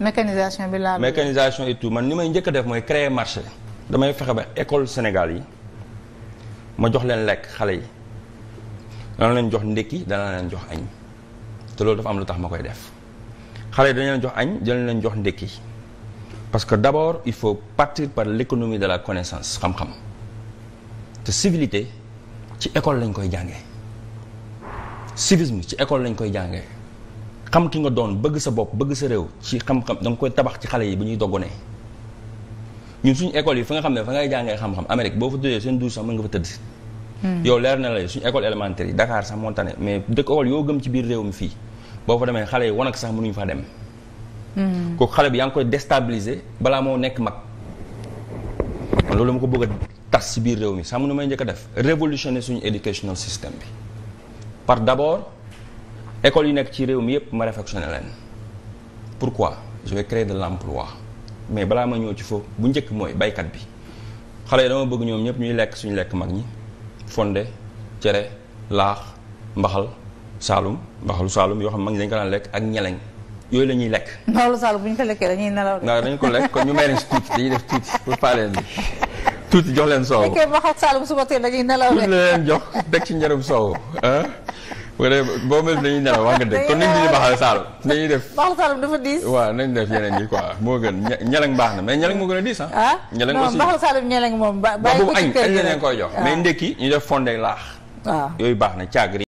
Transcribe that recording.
mécanisation bi laa mécanisation et tout man ni may njëkk a def mooy créer marché damay fexe ba école Sénégal yi ma jox leen lekk xale yi dana leen jox ndékki dana leen jox añ te loolu dafa am lu tax ma koy def xale yi dañu leen jox añ dana leen jox ndékki parce que d'abord il faut partir par l'économie de la connaissance xam-xam te civilité ci école lañ koy jàngee civisme ci école lañ koy jàngee xam ki nga doon bëgg sa bopp bëgg sa réew ci xam-xam da nga koy tabax ci xale yi bu ñuy doggonee ñun suñu école yi fa nga xam ne fa ngay jàngee xam-xam Amérique boo fa tëddee seen douze sax mën nga fa tëdd. Hmm. yow leer na la suñu école élémentaire yi Dakar sax moo tane mais dëkk école yoo gëm ci biir réew mi fii boo fa demee xale yi wanag sax mënuñu faa dem. Hmm. ko xale bi yaa ngi koy déstabiliser balaa moo nekk mag. loolu ma ko bëgg a tas ci biir réew mi sax mënu may njëkk def révolutionner suñu educational system bi par école yu nekk ci réew mi yépp ma réfectionné leen pourquoi je vais créer de l'emploi mais balaa ma ñëw ci foofu bu njëkk mooy baykat bi xale yi dama bëgg ñoom ñëpp ñuy lekk suñu lekk mag ñi fonde cere laax mbaxal saalum mbaxalu saalum yoo xam mag ñi dañ ko daan lekk ak ñeleñ yooyu la ñuy lekk. mbaxalu saalum bu ñu ko lekkee dañuy nelaw. waaw dañu ko lekk kon ñu may leen si tuuti dañuy def tuuti pour pas leen tuuti jox leen soow. bu fekkee leen jox teg ci njëriñ soow bu ko defee boo mel dañuy nelaw wax nga dëgg kon nañ dindi baaxal saalum nañuy def baaxal saalum dafa diis waaw nañ def yeneen yi quoi moo gën ñeleng baax na mais ñeleng moo gën a diis ah ah ñeleng aussi saalum ñeleng moom bàyyi ko ci kër gi añ lañ koy jox mais ndekki ñu def fondé laax waaw yooyu baax na caagri